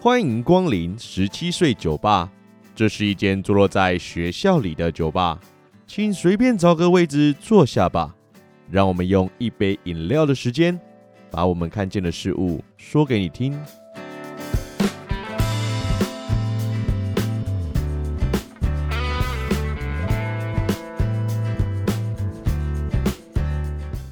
歡迎光臨十七歲酒吧。這是一間坐落在學校裡的酒吧，請隨便找個位置坐下吧。讓我們用一杯飲料的時間，把我們看見的事物說給你聽。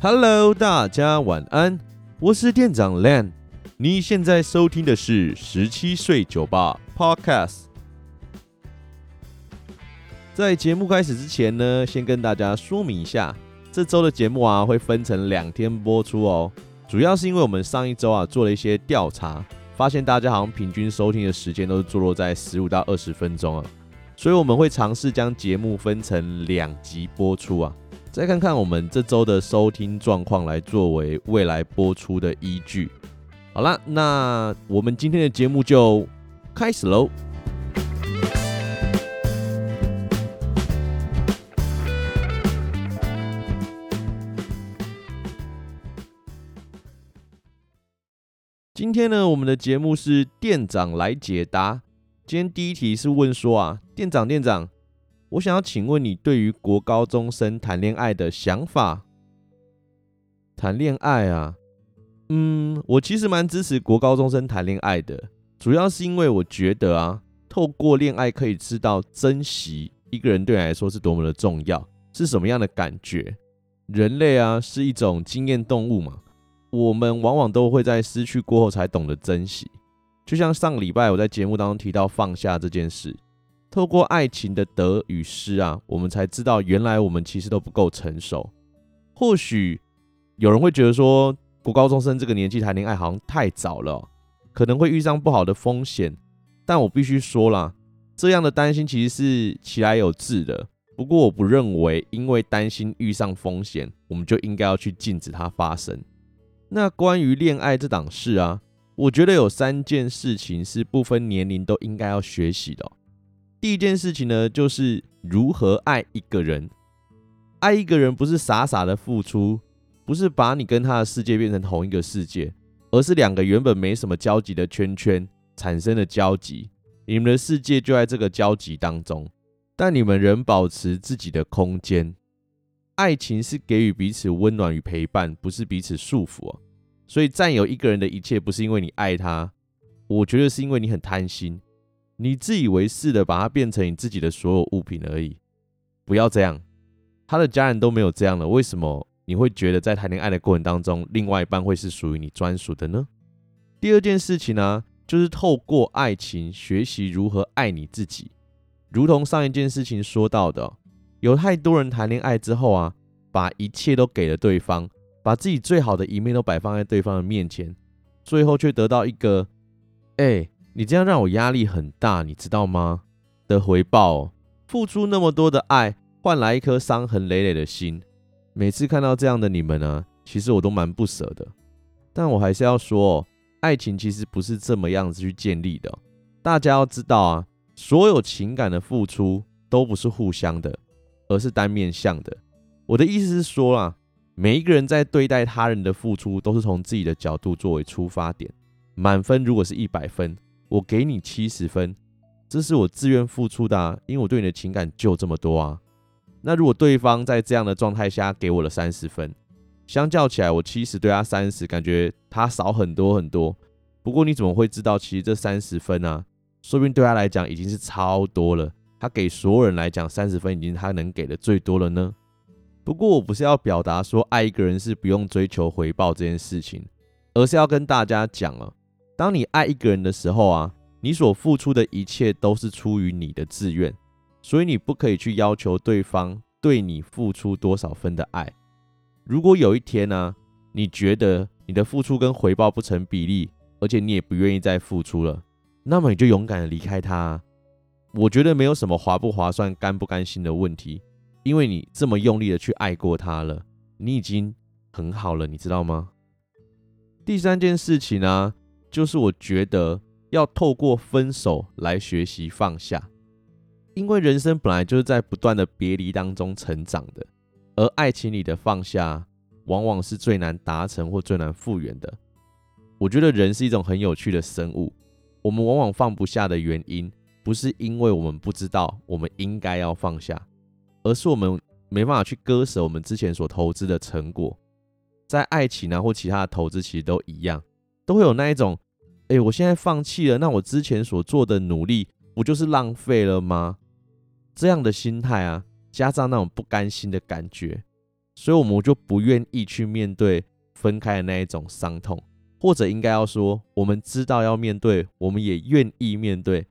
Hello，大家晚安。我是店長 Len，你現在收聽的是《十七歲酒吧 Podcast》。在節目開始之前呢，先跟大家說明一下，這週的節目啊會分成兩天播出哦。主要是因為我們上一周啊做了一些調查，發現大家好像平均收聽的時間都是坐落在十五到二十分鐘啊，所以我們會嘗試將節目分成兩集播出啊。再看看我們這周的收聽狀況，來作為未來播出的依據。好啦，那我們今天的節目就開始嘍。今天呢，我們的節目是店長來解答。今天第一題是問說啊，店長，店長。我想要請問你對於國高中生談戀愛的想法？談戀愛啊，嗯，我其實蠻支持國高中生談戀愛的，主要是因為我覺得啊，透過戀愛可以知道珍惜一個人對你來說是多麼的重要，是什麼樣的感覺。人類啊，是一種經驗動物嘛，我們往往都會在失去過後才懂得珍惜。就像上禮拜我在節目當中提到放下這件事。透過愛情的得與失啊，我們才知道原來我們其實都不夠成熟。或許有人會覺得說，國高中生這個年紀談戀愛好像太早了哦，可能會遇上不好的風險。但我必須說啦，這樣的擔心其實是其來有自的。不過我不認為，因為擔心遇上風險，我們就應該要去禁止它發生。那關於戀愛這檔事啊，我覺得有三件事情是不分年齡都應該要學習的哦。第一件事情呢，就是如何愛一個人。愛一個人不是傻傻的付出，不是把你跟他的世界變成同一個世界，而是兩個原本沒什麼交集的圈圈產生了交集。你們的世界就在這個交集當中，但你們仍保持自己的空間。愛情是給予彼此溫暖與陪伴，不是彼此束縛。所以佔有一個人的一切，不是因為你愛他，我覺得是因為你很貪心。你自以為是的把它變成你自己的所有物品而已，不要這樣。他的家人都沒有這樣了，為什麼你會覺得在談戀愛的過程當中，另外一半會是屬於你專屬的呢？第二件事情呢、啊，就是透過愛情學習如何愛你自己。如同上一件事情說到的，有太多人談戀愛之後啊，把一切都給了對方，把自己最好的一面都擺放在對方的面前，最後卻得到一個，哎、欸。你這樣讓我壓力很大，你知道嗎？的回報、哦，付出那麼多的愛，換來一顆傷痕累累的心。每次看到這樣的你們呢、啊，其實我都蠻不捨的。但我還是要說、哦，愛情其實不是這麼樣子去建立的、哦。大家要知道啊，所有情感的付出都不是互相的，而是單面向的。我的意思是說啦、啊，每一個人在對待他人的付出，都是從自己的角度作為出發點。滿分如果是一百分。我給你七十分，這是我自願付出的啊，因為我對你的情感就這麼多啊。那如果對方在這樣的狀態下給我了三十分，相較起來，我七十對他三十，感覺他少很多很多。不過你怎麼會知道，其實這三十分啊，說不定對他來講已經是超多了。他給所有人來講，三十分已經他能給的最多了呢。不過我不是要表達說愛一個人是不用追求回報這件事情，而是要跟大家講啊。當你愛一個人的時候啊，你所付出的一切都是出於你的自願，所以你不可以去要求對方對你付出多少分的愛。如果有一天呢、啊，你覺得你的付出跟回報不成比例，而且你也不願意再付出了，那麼你就勇敢的離開他、啊。我覺得沒有什麼划不划算、甘不甘心的問題，因為你這麼用力的去愛過他了，你已經很好了，你知道嗎？第三件事情呢、啊？就是我覺得要透過分手來學習放下，因為人生本來就是在不斷的別離當中成長的，而愛情裡的放下往往是最難達成或最難復原的。我覺得人是一種很有趣的生物，我們往往放不下的原因，不是因為我們不知道我們應該要放下，而是我們沒辦法去割捨我們之前所投資的成果，在愛情啊或其他的投資其實都一樣，都會有那一種。哎、欸，我現在放棄了，那我之前所做的努力不就是浪費了嗎？這樣的心態啊，加上那種不甘心的感覺，所以我們就不願意去面對分開的那一種傷痛，或者應該要說，我們知道要面對，我們也願意面對，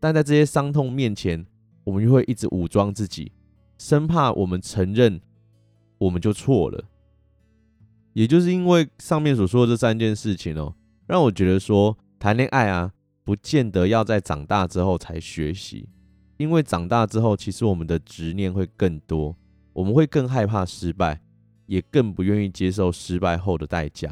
但在這些傷痛面前，我們就會一直武裝自己，生怕我們承認我們就錯了。也就是因為上面所說的這三件事情哦。讓我覺得說，談戀愛啊，不見得要在長大之後才學習，因為長大之後其實我們的執念會更多，我們會更害怕失敗，也更不願意接受失敗後的代價。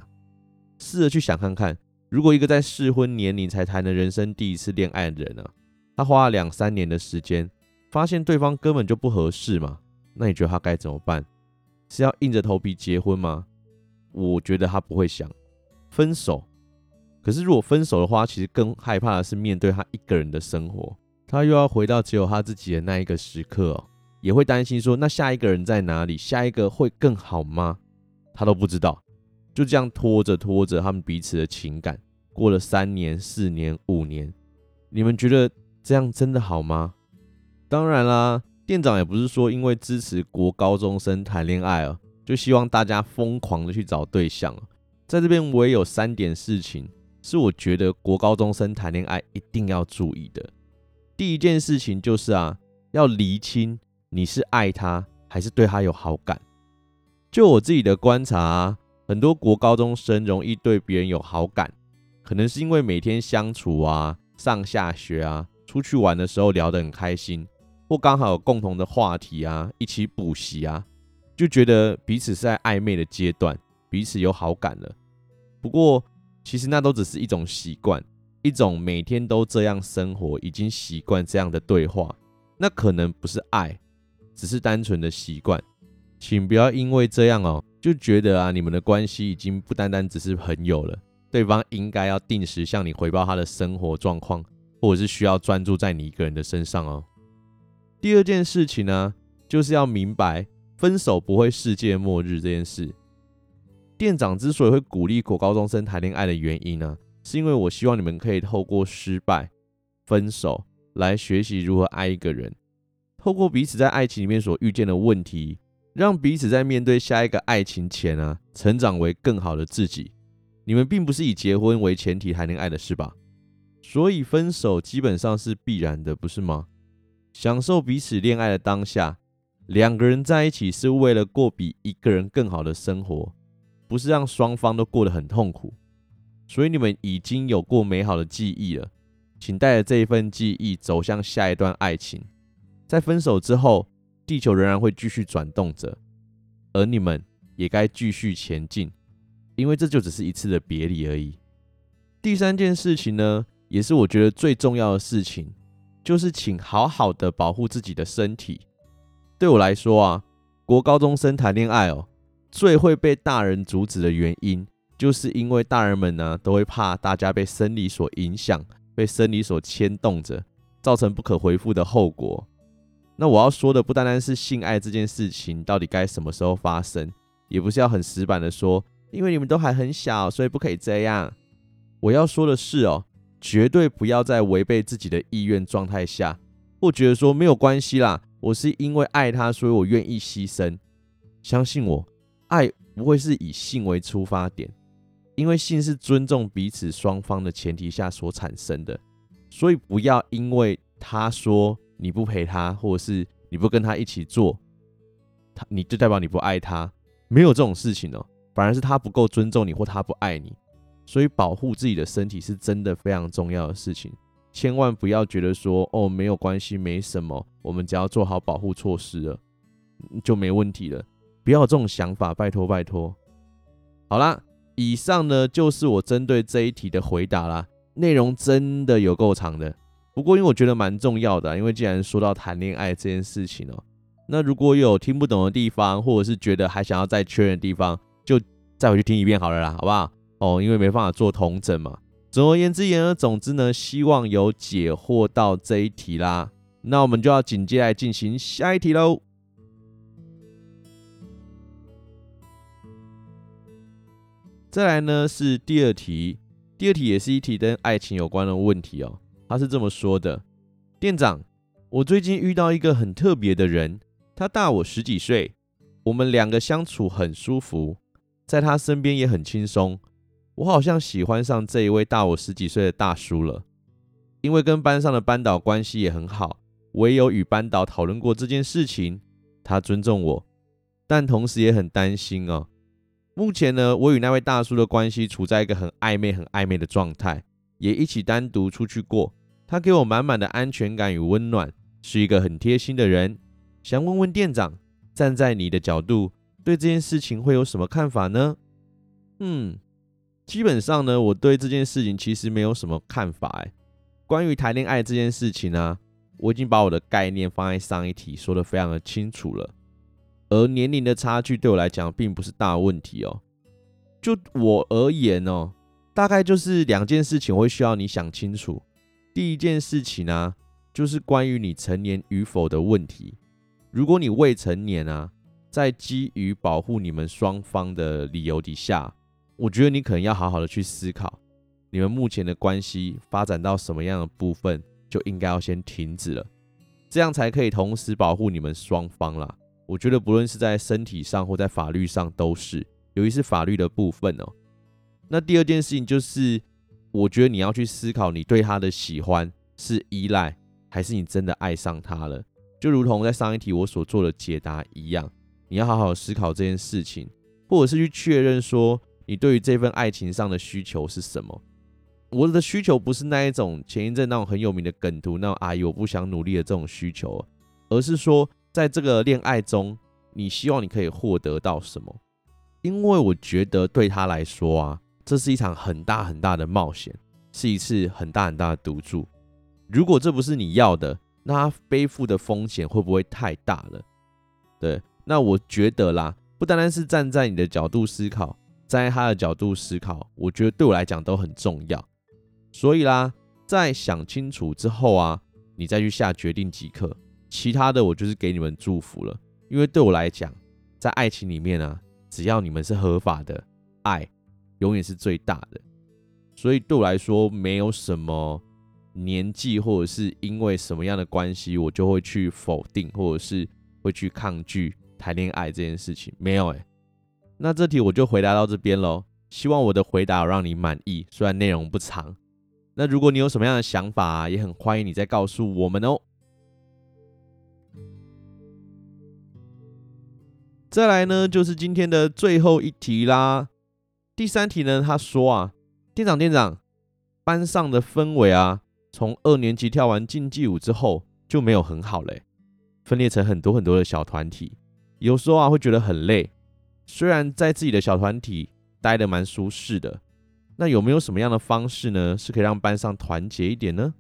試着去想看看，如果一個在適婚年齡才談的人生第一次戀愛的人呢，啊，他花了兩三年的時間，發現對方根本就不合適嘛，那你覺得他該怎麼辦？是要硬着頭皮結婚嗎？我覺得他不會想分手。可是，如果分手的話，其實更害怕的是面對他一個人的生活。他又要回到只有他自己的那一個時刻哦，也會擔心說，那下一個人在哪裡？下一個會更好嗎？他都不知道。就這樣拖着拖着，他們彼此的情感過了三年、四年、五年。你們覺得這樣真的好嗎？當然啦，店長也不是說因為支持國高中生談戀愛啊哦，就希望大家瘋狂的去找對象。在這邊，我也有三點事情。是我覺得國高中生談戀愛一定要注意的第一件事情就是啊，要釐清你是愛他還是對他有好感。就我自己的觀察啊，很多國高中生容易對別人有好感，可能是因為每天相處啊、上下學啊、出去玩的時候聊得很開心，或剛好有共同的話題啊、一起補習啊，就覺得彼此是在曖昧的階段，彼此有好感了。不過。其實那都只是一種習慣，一種每天都這樣生活，已經習慣這樣的對話，那可能不是愛，只是單純的習慣。請不要因為這樣哦，就覺得啊，你們的關係已經不單單只是朋友了。對方應該要定時向你回報他的生活狀況，或者是需要專注在你一個人的身上哦。第二件事情呢、啊，就是要明白分手不會世界末日這件事。店長之所以會鼓勵國高中生談戀愛的原因呢、啊，是因為我希望你們可以透過失敗、分手來學習如何愛一個人，透過彼此在愛情裡面所遇見的問題，讓彼此在面對下一個愛情前啊，成長為更好的自己。你們並不是以結婚為前提談戀愛的，是吧？所以分手基本上是必然的，不是嗎？享受彼此戀愛的當下，兩個人在一起是為了過比一個人更好的生活。不是讓雙方都過得很痛苦，所以你們已經有過美好的記憶了，請帶着這一份記憶走向下一段愛情。在分手之後，地球仍然會繼續轉動着，而你們也該繼續前進，因為這就只是一次的別離而已。第三件事情呢，也是我覺得最重要的事情，就是請好好的保護自己的身體。對我來說啊，國高中生談戀愛哦。最會被大人阻止的原因，就是因為大人們呢都會怕大家被生理所影響，被生理所牽動着，造成不可回復的後果。那我要說的不單單是性愛這件事情到底該什麼時候發生，也不是要很死板的說，因為你們都還很小，所以不可以這樣。我要說的是哦，絕對不要在違背自己的意願狀態下，或覺得說沒有關係啦，我是因為愛他，所以我願意犧牲。相信我。愛不會是以性為出發點，因為性是尊重彼此雙方的前提下所產生的，所以不要因為他說你不陪他，或者是你不跟他一起做，他你就代表你不愛他，沒有這種事情哦，反而是他不夠尊重你，或他不愛你，所以保護自己的身體是真的非常重要的事情，千萬不要覺得說哦，沒有關係，沒什麼，我們只要做好保護措施了就沒問題了。不要這種想法，拜托拜托。好啦。以上呢就是我針對這一題的回答啦。內容真的有夠長的，不過因為我覺得蠻重要的啊，因為既然說到談戀愛這件事情哦，那如果有聽不懂的地方，或者是覺得還想要再確認的地方，就再回去聽一遍好了啦，好不好？哦，因為沒辦法做統整嘛。總而言之言而總之呢，希望有解惑到這一題啦。那我們就要緊接來進行下一題嘍。再來呢是第二題，第二題也是一題跟愛情有關的問題哦。他是這麼說的：店長，我最近遇到一個很特別的人，他大我十幾歲，我們兩個相處很舒服，在他身邊也很輕鬆。我好像喜歡上這一位大我十幾歲的大叔了。因為跟班上的班導關係也很好，我也有與班導討論過這件事情。他尊重我，但同時也很擔心哦。目前呢，我與那位大叔的關係處在一個很曖昧、很曖昧的狀態，也一起單獨出去過。他給我滿滿的安全感與溫暖，是一個很貼心的人。想問問店長，站在你的角度，對這件事情會有什麼看法呢？嗯，基本上呢，我對這件事情其實沒有什麼看法、欸。哎，關於談戀愛這件事情啊，我已經把我的概念放在上一題說得非常的清楚了。而年齡的差距對我來講並不是大問題哦。就我而言哦，大概就是兩件事情會需要你想清楚。第一件事情呢，就是關於你成年與否的問題。如果你未成年啊，在基於保護你們雙方的理由底下，我覺得你可能要好好的去思考，你們目前的關係發展到什麼樣的部分，就應該要先停止了，這樣才可以同時保護你們雙方啦。我覺得不論是在身體上或在法律上都是。尤其是法律的部分哦。那第二件事情就是，我覺得你要去思考你對他的喜歡是依賴還是你真的愛上他了。就如同在上一題我所做的解答一樣，你要好好思考這件事情，或者是去確認說你對於這份愛情上的需求是什麼。我的需求不是那一種前一陣那種很有名的梗圖，那種阿姨我不想努力的這種需求，而是說。在這個戀愛中，你希望你可以獲得到什麼？因為我覺得對他來說啊，這是一場很大很大的冒險，是一次很大很大的賭注。如果這不是你要的，那他背負的風險會不會太大了？對，那我覺得啦，不單單是站在你的角度思考，站在他的角度思考，我覺得對我來講都很重要。所以啦，在想清楚之後啊，你再去下決定即可。其他的我就是給你們祝福了，因為對我來講，在愛情裡面啊，只要你們是合法的，愛永遠是最大的。所以對我來說，沒有什麼年紀或者是因為什麼樣的關係，我就會去否定或者是會去抗拒談戀愛這件事情，沒有哎、欸。那這題我就回答到這邊嘍，希望我的回答讓你滿意，雖然內容不長。那如果你有什麼樣的想法、啊，也很歡迎你再告訴我們哦。再來呢，就是今天的最後一題啦。第三題呢，他說啊，店長店長，班上的氛圍啊，從二年級跳完競技舞之後就沒有很好嘞、欸，分裂成很多很多的小團體，有時候啊會覺得很累，雖然在自己的小團體待得蠻舒適的，那有沒有什麼樣的方式呢，是可以讓班上團結一點呢？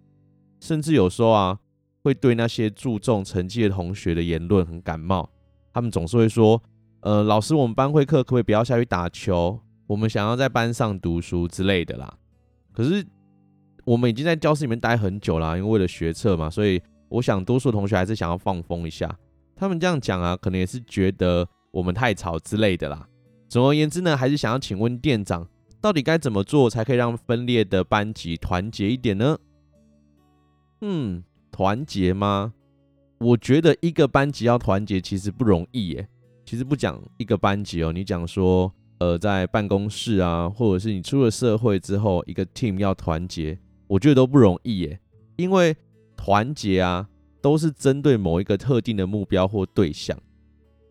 甚至有時候啊，會對那些注重成績的同學的言論很感冒。他們總是會說：“呃，老師，我們班會課可不可以不要下去打球？我們想要在班上讀書之類的啦。”可是我們已經在教室裡面待很久啦，因為為了學測嘛，所以我想多數同學還是想要放風一下。他們這樣講啊，可能也是覺得我們太吵之類的啦。總而言之呢，還是想要請問店長，到底該怎麼做才可以讓分裂的班級團結一點呢？嗯，團結嗎？我覺得一個班級要團結其實不容易耶。其實不講一個班級哦，你講說呃在辦公室啊，或者是你出了社會之後，一個 team 要團結，我覺得都不容易耶。因為團結啊，都是針對某一個特定的目標或對象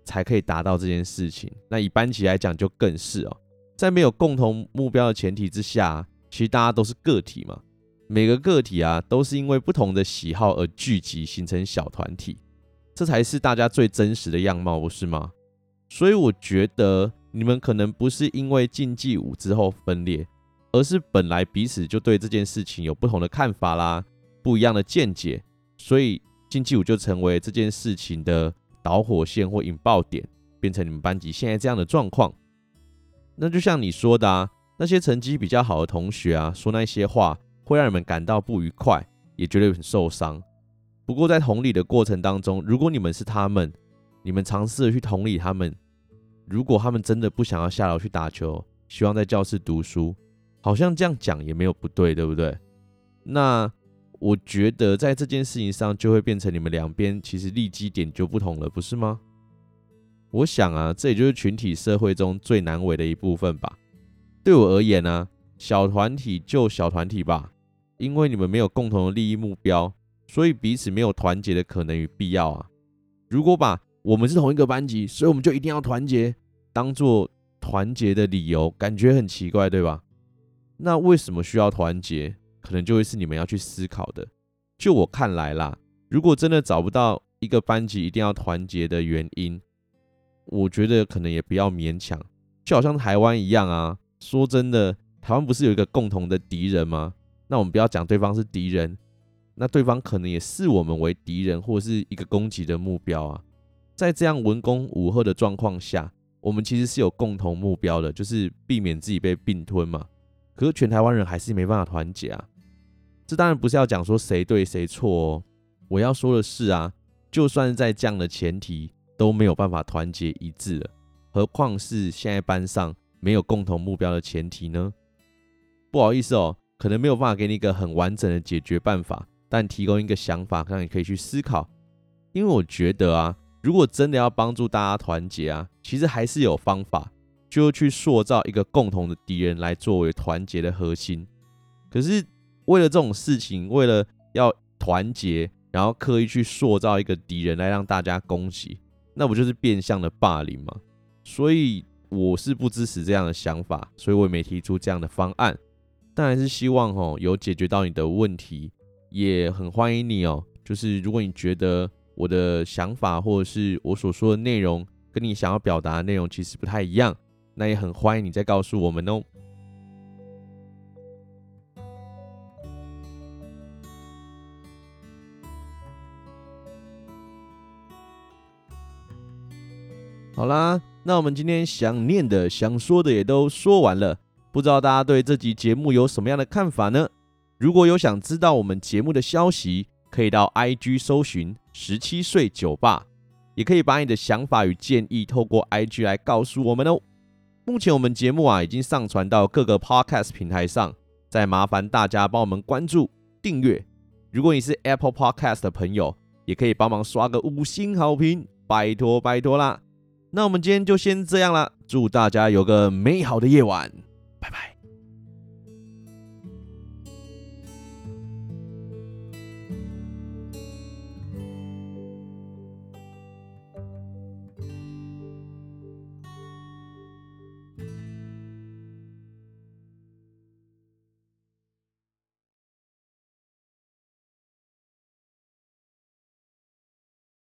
才可以達到這件事情。那以班級來講就更是哦，在沒有共同目標的前提之下，其實大家都是個體嘛。每個個體啊，都是因為不同的喜好而聚集形成小團體，這才是大家最真實的樣貌，不是嗎？所以我覺得你們可能不是因為競技舞之後分裂，而是本來彼此就對這件事情有不同的看法啦，不一樣的見解，所以競技舞就成為這件事情的導火線或引爆點，變成你們班級現在這樣的狀況。那就像你說的啊，那些成績比較好的同學啊，說那些話。會讓你們感到不愉快，也覺得很受傷。不過在同理的過程當中，如果你們是他們，你們嘗試去同理他們，如果他們真的不想要下樓去打球，希望在教室讀書，好像這樣講也沒有不對，對不對？那我覺得在這件事情上就會變成你們兩邊其實立基點就不同了，不是嗎？我想啊，這也就是群體社會中最難為的一部分吧。對我而言呢、啊，小團體就小團體吧。因為你們沒有共同的利益目標，所以彼此沒有團結的可能與必要啊！如果把“我們是同一個班級，所以我們就一定要團結”當做團結的理由，感覺很奇怪，對吧？那為什麼需要團結？可能就會是你們要去思考的。就我看來啦，如果真的找不到一個班級一定要團結的原因，我覺得可能也不要勉強。就好像台灣一樣啊，說真的，台灣不是有一個共同的敵人嗎？那我們不要講對方是敵人，那對方可能也視我們為敵人，或者是一個攻擊的目標啊。在這樣文攻武嚇的狀況下，我們其實是有共同目標的，就是避免自己被併吞嘛。可是全台灣人還是沒辦法團結啊。這當然不是要講說誰對誰錯哦，我要說的是啊，就算在這樣的前提都沒有辦法團結一致了，何況是現在班上沒有共同目標的前提呢？不好意思哦。可能沒有辦法給你一個很完整的解決辦法，但提供一個想法，讓你可以去思考。因為我覺得啊，如果真的要幫助大家團結啊，其實還是有方法，就去塑造一個共同的敵人來作為團結的核心。可是為了這種事情，為了要團結，然後刻意去塑造一個敵人來讓大家攻擊，那不就是變相的霸凌嗎？所以我是不支持這樣的想法，所以我也沒提出這樣的方案。但還是希望哦，有解決到你的問題，也很歡迎你哦。就是如果你覺得我的想法或者是我所說的內容，跟你想要表達的內容其實不太一樣，那也很歡迎你再告訴我們哦。好啦，那我們今天想念的、想說的也都說完了。不知道大家對這集節目有什麼樣的看法呢？如果有想知道我們節目的消息，可以到 IG 搜尋十七歲酒吧，也可以把你的想法與建議透過 IG 來告訴我們哦。目前我們節目啊已經上傳到各個 Podcast 平台上，再麻煩大家幫我們關注訂閱。如果你是 Apple Podcast 的朋友，也可以幫忙刷個五星好評，拜託拜託啦。那我們今天就先這樣啦，祝大家有個美好的夜晚。拜拜。